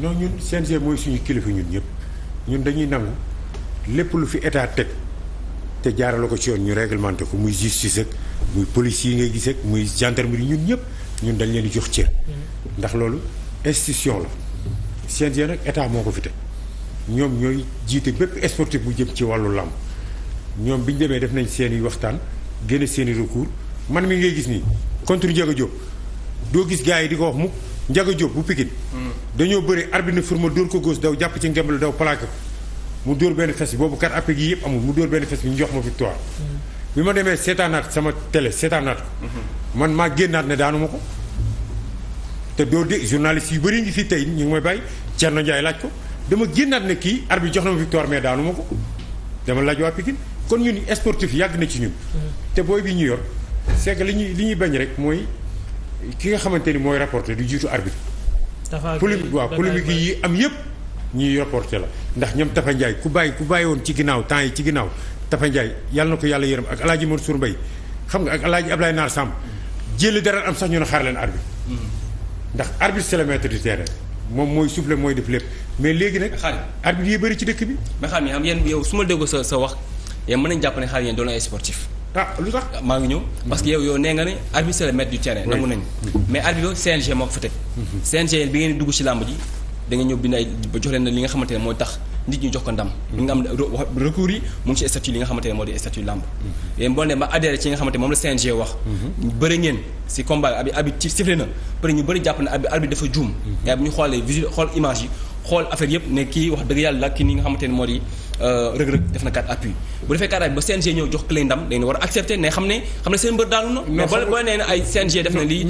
non ñun CNG mooy suñu kilifa ñun ñëpp ñun dañuy nangu lépp lu fi état teg te jaarale ko ci yoon ñu réglementé ko muy justice ak muy police yi ngay gis ak muy gendarmerie ñun ñëpp ñun dañ leen di jox cër. Mm-hmm. ndax loolu institution la CNG nag état moo ko fi ñoom ñooy jiite bépp sportif bu jëm ci wàllu làmp ñoom bi ñu demee def nañ seeni waxtaan génne seeni i man mi ngay gis nii contre Ndiaga Diop doo gis gaa yi di ko wax mukk Ndiaga Diop bu Pikine hmm. dañoo bëri arbitre ma dóor ko góos daw jàpp ci ngembal daw plaqué ko mu dóor benn fes bi boobu kat appui gi yëpp amul mu dóor benn fes bi ñu jox ma victoire hmm. bi ma demee seetaanaat sama télé seetaanaat ko hmm. man maa génnaat ne daanu ma ko te doo dégg journaliste yu bëri ngi fii tey ñu ngi may bàyyi Thierno Ndiaye laaj ko dama génnaat ne kii arbitre jox na ma victoire mais daanu ma ko dama laaj waa Pikine kon ni sportif yàgg na ci ñun te booy bi ñu yor c'est li ñuy li ñuy bañ rek mooy ki nga xamante ni mooy rapporter du jiitu arbitre. dafa polémique waaw polémique yi am yëpp ñuy rapporter la ndax ñoom Tafa Ndiaye ku bàyyi ku bàyyi woon ci ginnaaw temps yi ci ginnaaw Tafa Ndiaye yàlla na ko yàlla yërëm ak El Hadj Mansour Mbaye xam nga ak El Hadj Ablaye Naar Samb jëli dara am sax ñu ne xaar leen arbitre. Hmm. ndax arbitre c'est le maître moom mooy souffle mooy def lépp mais léegi nag. arbitre yi bëri ci dëkk bi. mais xam nga yow su ma déggoo sa sa wax yow mën jàpp ne xaar yéen doon ay sportif ah lu tax maa ngi ñëw parce que yow yow nee nga ne arbitre c'est le maître du terrain nangu nañ mais arbitre CNG moo ko fa teg mhm. CNG bi ngeen dugg ci làmb ji da ñëw bind ay ba jox leen li nga xamante ne mooy tax nit ñi jox ko ndam mhm. li nga xam recours yi mu ngi ci statut li nga xamante ne moo di statut làmb mhm. yéen boo ne ma adhéré ci nga xamante moom la CNG wax bëri ngeen ci combat abi abi ci sifle na peut ñu bëri jàpp na abi arbitre dafa juum yaay bu ñu xoolee visuel xool image yi xool affaire yëpp ne kii wax dëgg yàlla ki ni nga xamante ne moo di euh, def na quatre appui bu defee quatre appui ba CNG ñëw jox clé ndam dañu war a accepter ne xam ne seen mbër daanu na. mais ba boo nee ne ay CNG def na lii.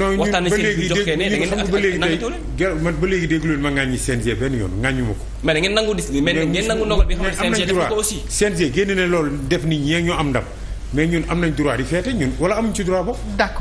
benn yoon ngaañu ko. mais ngeen nangu dis bi xam ne CNG def ko aussi. CNG génne na loolu def ni ñee ñoo am ndam mais ñun am nañ droit di feete ñun wala amuñ ci droit bopp